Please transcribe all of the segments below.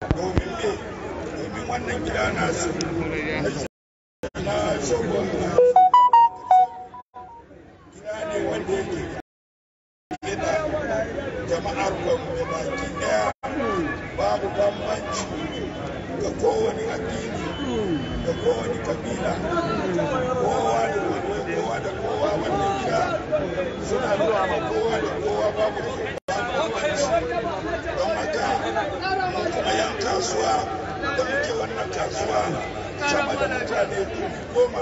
domin me domin wannan gida na nasu na shagon gida ne wanda yake gida jama'ar gwamnati baki daya babu bambanci ga kowane addini da kowane kabila kowa da kowa da kowa wannan gida suna nuna kowa da kowa babu kasuwa da muke wannan kasuwa sama da mutane dubu goma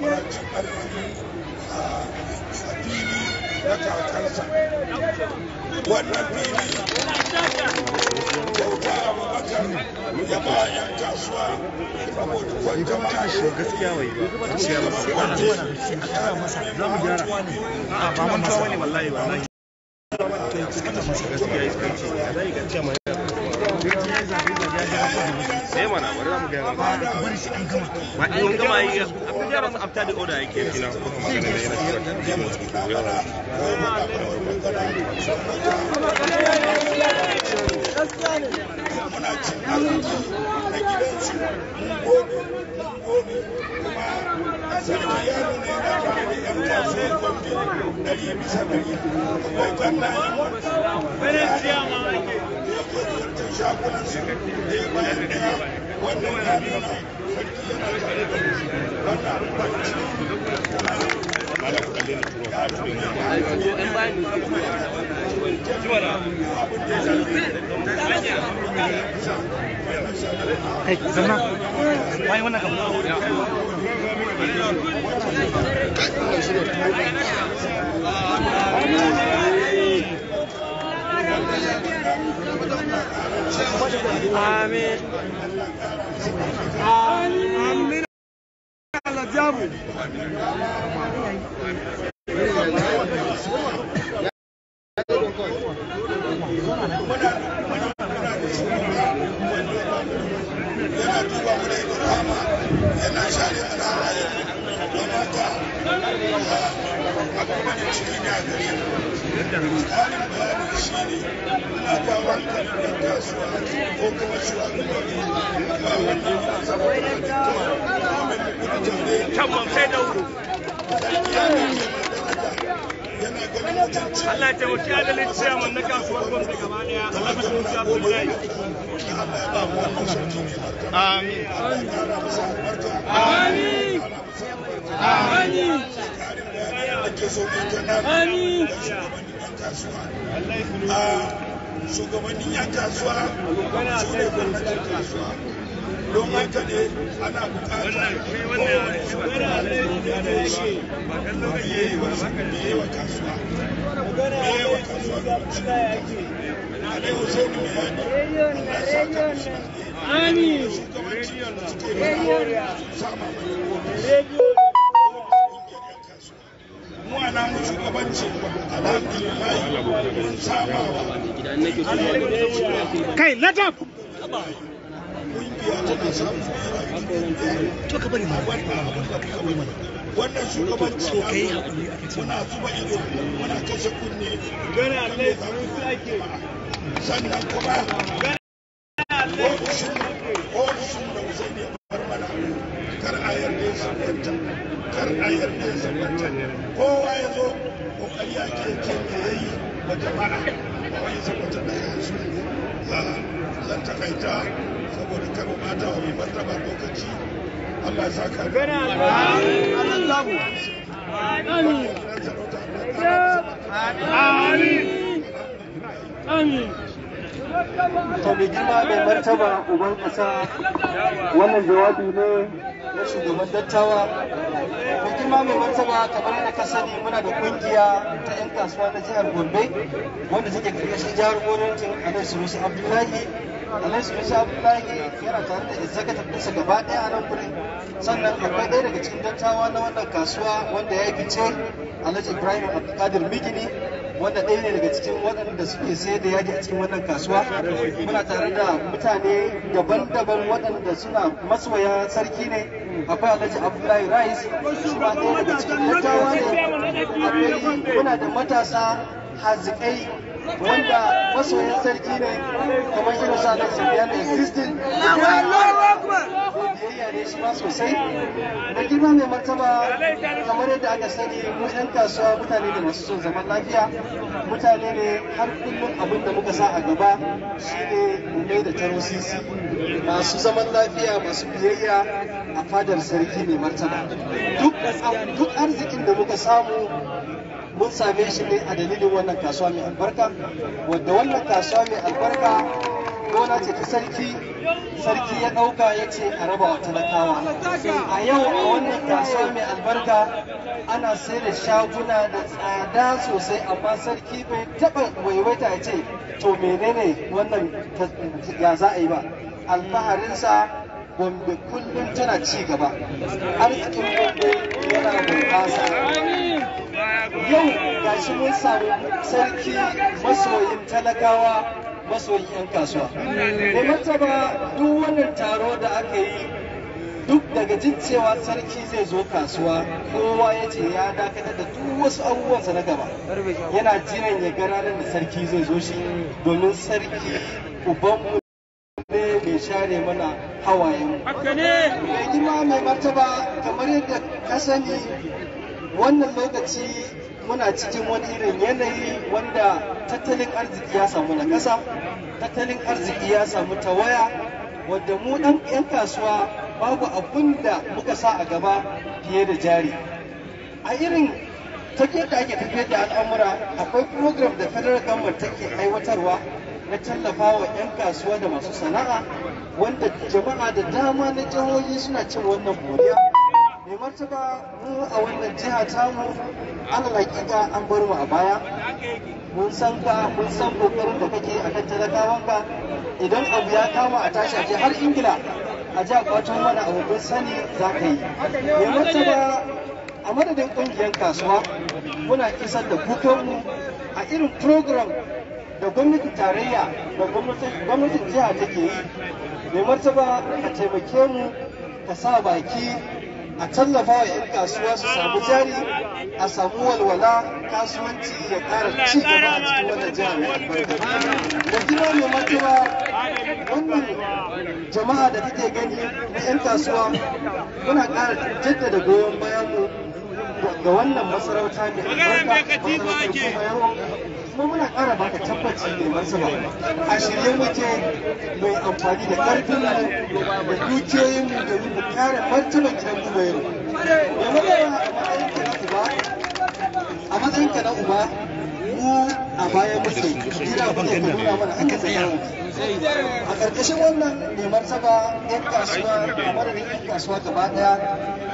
muna cin arziki a fili na kakansa wannan fili kyauta abubakar ya ba yan kasuwa saboda kwanta matashi gaskiya a ga sai eh, mana bari za mu gaya ba bari shi an gama ba gama yi abin da masa after the order yake kina ko magana shagunansu ɗaya bayan da آمين آمين musamman sai da wuri Allah ya taimaki adalin ciyaman na kasuwar gwamnati gaba daya Allah ya taimaki Abdullahi Amin Amin Amin Amin shugabannin yan kasuwa su ne kasuwa don haka ne ana bukatar kai let up to ka bari mana ka haƙuri mana wannan shugabanci to ka yi muna zuba ido muna kashe kunne gana Allah su sake sannan kuma Wani sun da usai ne kar a yarda ya sabanta kar a yarda ya sabanta kowa ya zo kokari ake yake me yayi wa jama'a ba wai sabanta da kansu ne zan takaita saboda kar mata wa mai martaba lokaci Allah ya saka gana Allah amin to mai girma mai martaba uban kasa wannan jawabi ne na shugaban dattawa mai girma mai martaba kamar da ka sani muna da kungiya ta 'yan kasuwa na jihar gombe wanda take karkashin jihar a alhaji abdullahi alhaji isa abdullahi yana tare da executive ɗinsa gaba ɗaya a nan gurin sannan akwai ɗaya daga cikin dattawa na wannan kasuwa wanda ya fice alhaji ibrahim abdulkadir migini wanda ɗaya ne daga cikin waɗanda suke sayar da yaji a cikin wannan kasuwa muna tare da mutane daban-daban waɗanda suna masoya sarki ne akwai alhaji abdullahi rais shi ma ɗaya daga cikin dattawa ne akwai muna da matasa hazikai wanda masoyan sarki ne kamar irin su alhaji biyan existing biyayya ne shi ma sosai da girma mai martaba kamar yadda aka sani mu yan kasuwa mutane ne masu son zaman lafiya mutane ne har kullum abin da muka sa a gaba shine mu mai da tarosisi masu zaman lafiya masu biyayya a fadar sarki mai martaba duk arzikin da muka samu mun same shi ne a dalilin wannan kasuwa mai albarka wadda wannan kasuwa mai albarka gona ce ta sarki sarki ya ɗauka ya ce a raba wa talakawa a yau a wannan kasuwa mai albarka ana sai da shaguna da tsada sosai amma sarki bai taɓa waiwaita ya ce to menene wannan ya za a yi ba alfaharinsa gombe kullum tana ci gaba arzikin gombe yana bunƙasa yau ga shi mun samu sarki masoyin talakawa masoyin 'yan kasuwa da martaba duk wannan taro da aka yi duk daga jin cewa sarki zai zo kasuwa kowa ya ce ya dakatar da duk wasu abubuwansa na gaba yana jiran ya ga ranar da sarki zai zo shi domin sarki ubanmu ne mai share mana hawayen mai girma mai martaba kamar yadda ka sani wannan lokaci muna cikin wani irin yanayi wanda tattalin arziki ya samu na ƙasa tattalin arziki ya samu tawaya wadda mu ɗan 'yan kasuwa babu abin da muka sa a gaba fiye da jari a irin tafiyar da ake tafiyar da al'amura akwai program da federal government take aiwatarwa na tallafa wa 'yan kasuwa da masu sana'a wanda jama'a da dama na jihohi suna cin wannan boriya mai martaba mu a wannan jiha tamu an hakika an bar mu a baya mun san ka mun san kokarin da kake a kan talakawan ka idan abu ya kama a tashi a har ingila a ji kwacin wani abu sani za ka yi mai martaba a madadin ƙungiyar kasuwa muna isar da kukanmu a irin program da gwamnatin tarayya da gwamnatin jiha take yi mai martaba a taimake mu ta sa baki a tallafa wa 'yan kasuwa su samu jari a samu walwala kasuwanci ya kara ci gaba a cikin wata jihar mai albarka da kira mai martaba wannan jama'a da take gani na 'yan kasuwa muna kara jaddada goyon bayanmu ga wannan masarauta mai albarka kuma muna kara baka tabbaci neman sama a shirye muke mai amfani da ƙarfin mu da dukiyoyin mu da mu kare martaban gidan gubayen mu. Yamma ba a uba, a matsayin ka na uba mu a baya muke kabila ba ne nuna mana aka tsaya a ƙarƙashin wannan neman saba yan kasuwa a madadin yan kasuwa gaba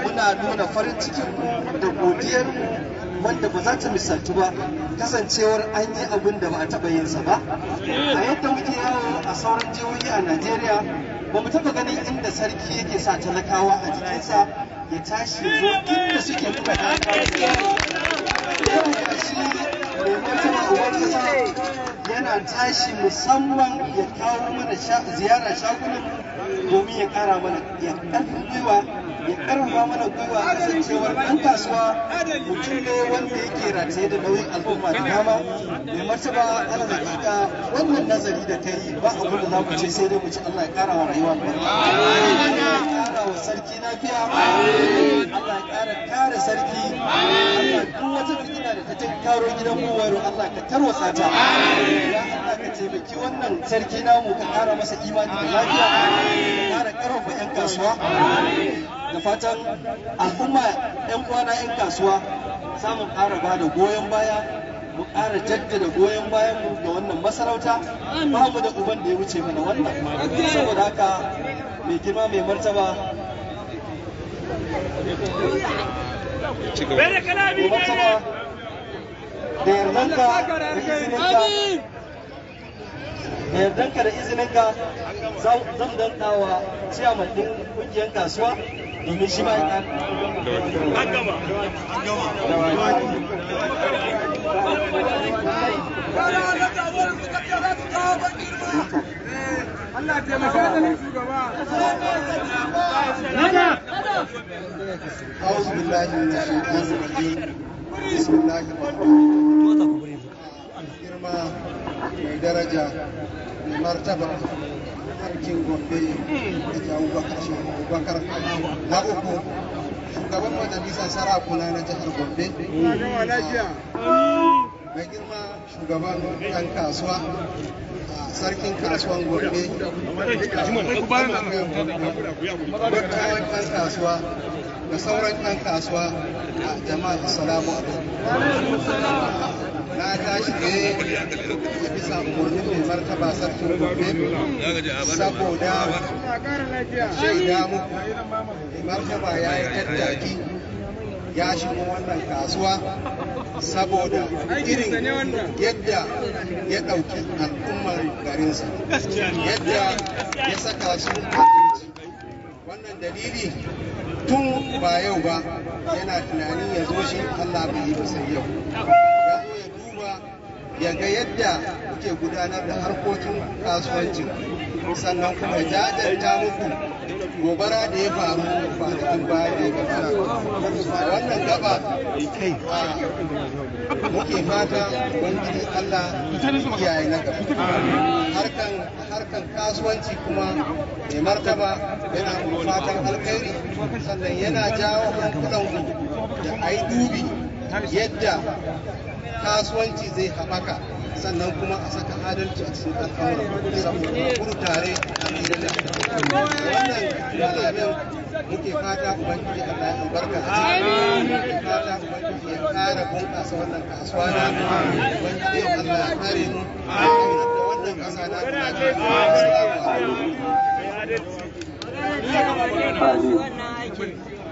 muna nuna farin cikin da godiyar wanda ba za ta misaltu ba kasancewar an yi abin da ba a taɓa yin sa ba a yadda muke yawo a sauran jihohi a najeriya ba mu taɓa ganin inda sarki yake sa talakawa a jikinsa ya tashi zo inda suke buga talakawa yana tashi musamman ya kawo mana ziyara shagunan domin ya kara mana ya ƙarfi gwiwa ya karfafa mana gwiwa a kasancewar ɗan kasuwa mutum ne wanda yake rataye da nauyin al'umma da dama mai martaba ala hakika wannan nazari da ta yi ba abu da za mu ce sai dai mu ci Allah ya kara wa rayuwa barka Allah ya kara wa sarki lafiya Allah ya kara kare sarki Allah duk wata fitina da ta tinkaro gidan mu kowaro Allah ka tarwasa ta ya Allah ka taimaki wannan sarki namu ka kara masa imani da lafiya ka kara karfafa 'yan kasuwa da fatan al'umma 'yan kwana 'yan kasuwa samun ƙara ba da goyon baya mu ƙara jaddada goyon bayan mu ga wannan masarauta babu da uban da ya wuce mana wannan saboda haka mai girma mai martaba martaba da yardanka da izininka da yardanka da izininka zan danka wa ciyaman ɗin ƙungiyar kasuwa domin shi ba ya an Allah ya taimaka da shugaba. mai daraja mai martaba jingon bello da ke abubakar shehu abubakar na uku shugaban majalisar sarakuna na jihar gombe mai girma shugaban ɗan kasuwa sarkin kasuwan gombe dukkan ɗan kasuwa da sauran ɗan kasuwa da jama'a assalamu alaikum na tashi ne bisa umarnin mai martaba sarkin gobe saboda shaida muku martaba ya yi tattaki ya shigo wannan kasuwa saboda irin yadda ya ɗauki al'ummar garinsa yadda ya saka su wannan dalili tun ba yau ba yana tunanin ya zo shi Allah bai yi ba sai yau ya ga yadda kuke gudanar da harkokin kasuwancin sannan kuma jajanta muku gobara da ya faru kwanakin baya da ya gabata wannan gaba muke fata wani allah kiyaye na gaba harkan kasuwanci kuma mai martaba yana fatan alkhairi sannan yana jawo hankulanku da a yadda kasuwanci zai haɓaka sannan kuma a saka adalci a cikin al'amuran saboda kuru tare a cikin wannan malamin muke fata ubangiji Allah ya barka a cikin muke fata ubangiji ya ƙara bunƙasa wannan kasuwa na ubangiji Allah ya kare mu da wannan ƙasa na kuma ta yi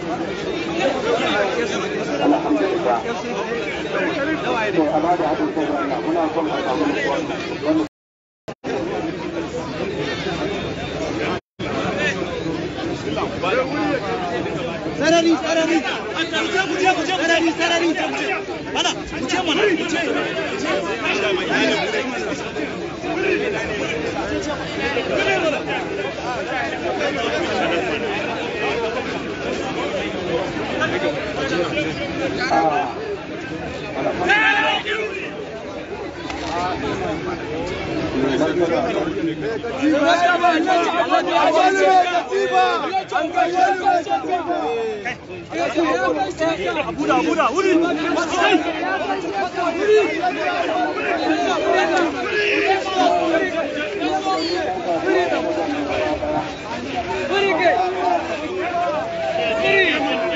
alhamdulillah sarari sarari sarari sarari mana mana 뭐다 뭐다 우리 우리 우리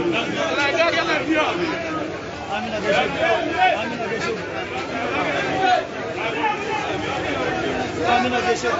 Amina Beşer. Amina Beşer.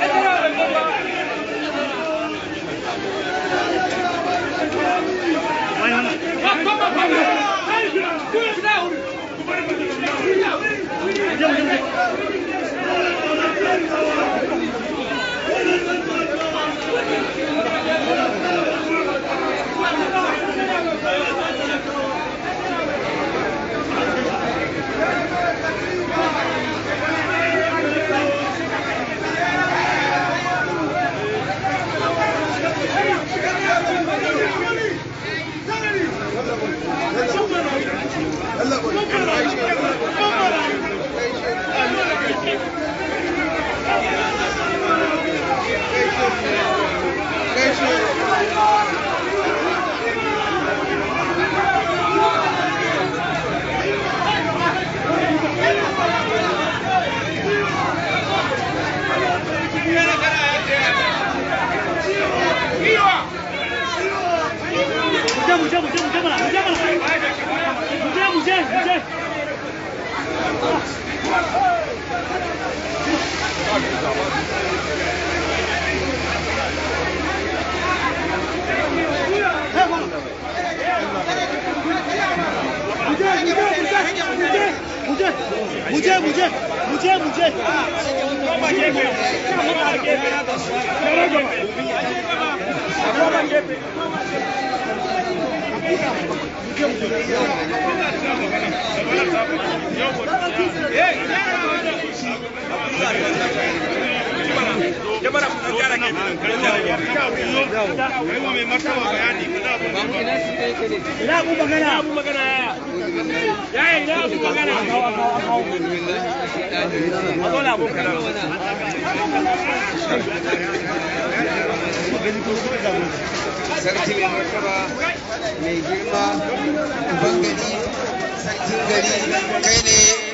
Hadi هلا ina su kai ina abu magana yaya yaya ina abu magana a abu magana sarki mai martaba mai girma sarkin gari kai ne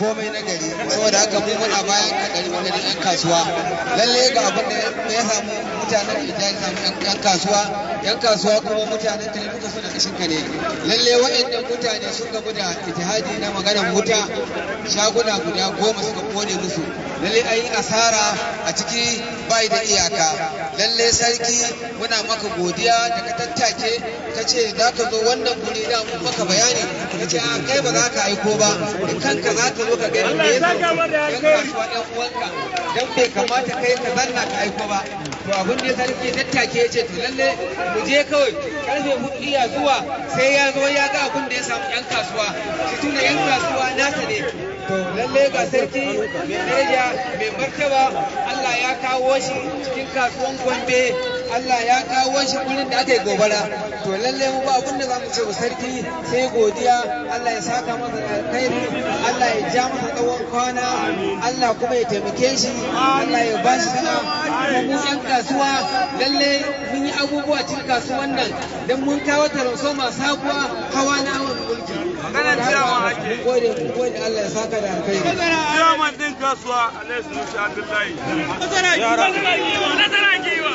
komai na gari saboda haka mu muna bayan kadari wani yan kasuwa lalle ga abin da ya samu mutanen da samu yan kasuwa yan kasuwa kuma mutanen da duka suna kashin ka ne lalle waɗannan mutane sun gabu da itihadi na maganar wuta shaguna guda goma suka kone musu lalle ayi asara a ciki bai da iyaka lalle sarki muna maka godiya da ka tattake ka ce za ka zo wannan guri da mun maka bayani ka ce a kai ba za ka aiko ba da kanka za ka zo ka gani ya yasa yan kasuwa ɗan uwanka don bai kamata kai ka zanna ka aiko ba to abin da sarki tattake ya ce to lalle mu je kawai karfe hudu iya zuwa sai ya zo ya ga abin da ya samu yan kasuwa shi tuna ƴan kasuwa nasa ne lalle ga sarki daraja mai martaba Allah ya kawo shi cikin kasuwan Gombe Allah ya kawo shi wurin da aka yi gobara to lalle mu ba abin da za mu ce wa sarki sai godiya Allah ya saka masa alkhairi Allah ya ja masa tsawon kwana Allah kuma ya taimake shi Allah ya ba shi sana kuma mu yan kasuwa lalle mun yi abubuwa cikin kasuwan nan dan mun kawo taronso masu hakuwa hawa na awon mulki kana cewa ake gode gode Allah ya saka da alkhairi yawan din kasuwa alaihi sallallahu alaihi wasallam nasara giwa nasara giwa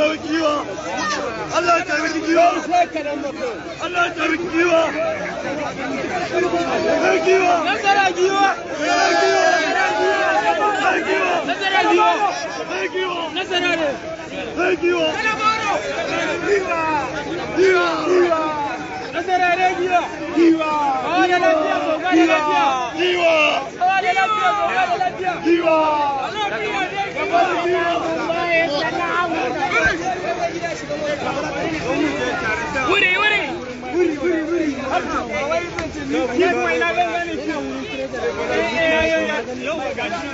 taimaki giwa Allah ya taimaki giwa Allah ya taimaki giwa Nasara giwa Nasara giwa Nasara giwa Nasara giwa Nasara giwa Nasara ne Nasara giwa Giwa Giwa Giwa Nasara ne giwa Giwa Kawa da lafiya ko ga da lafiya Giwa Kawa da lafiya ko ga da lafiya Giwa Allah giwa ne giwa wuri wuri wuri wuri wuri ne kuma ina ban gane kina wuri yau ga shi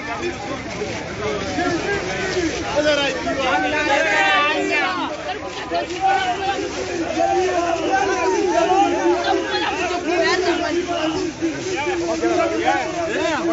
Yeah.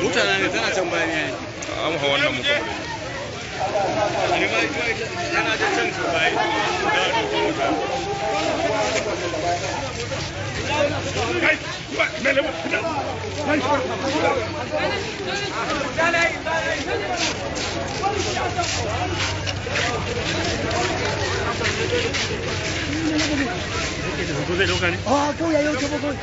mutane tana can bayan an hawa wannan muka yana da can su bayi da dokunuka kai mele fita kai Thank you. 啊，够呀，有全部够。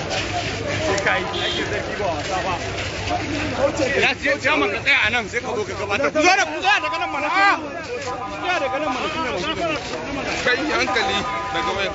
sai ka ba wasa ba ka sai ka zo ka kai hankali daga wayan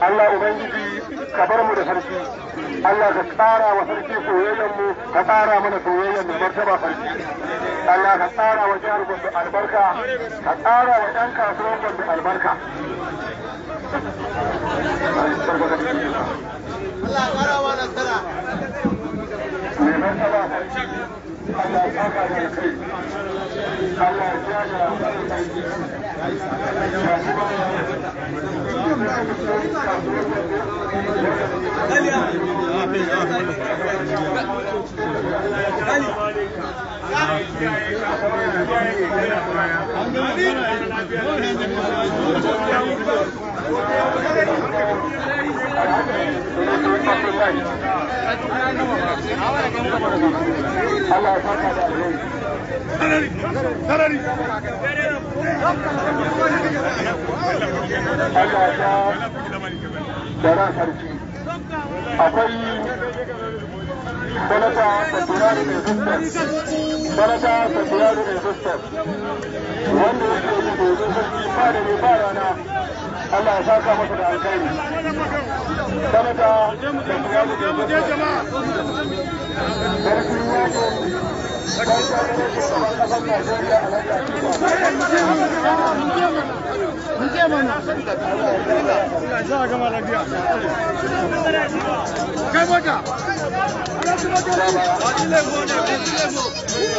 Allah Ubangiji ka bar mu da sarki Allah ka tsara wa sarki soyayyen mu ka tsara mana soyayyen mu martaba sarki Allah ka tsara wa jihar Gombe albarka ka tsara wa dan kasuwan Gombe albarka Allah ya ƙara wa nasara. Allah ya saka da kai Allah ya Allah'a emanet olun. Dara akwai sanata saturaru mai sanata saturaru mai zustas wanda ya ke yi domin sarki ba da ne ba rana Allah ya saka masa da alkhairi sanata saturaru mai zustas sarki ya Kamu ada? Ada semua orang. Ada semua.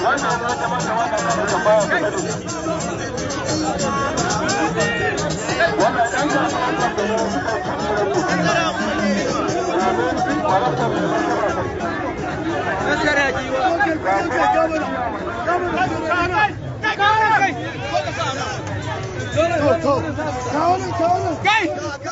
wannan wata makamata na Kai!